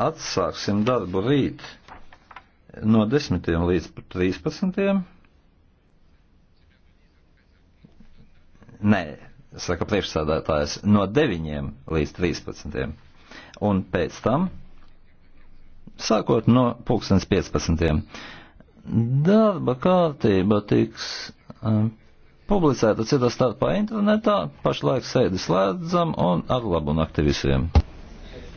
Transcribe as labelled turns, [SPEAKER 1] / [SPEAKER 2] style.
[SPEAKER 1] Atsāksim darbu rīt no 10. līdz 13. Nē, saka priekšsādātājs, no 9. līdz 13. Un pēc tam, sākot no 2015. Darba kārtība tiks um, publicēta citā starpā internetā, pašlaik sēdi slēdzam un ar labu nakti visiem!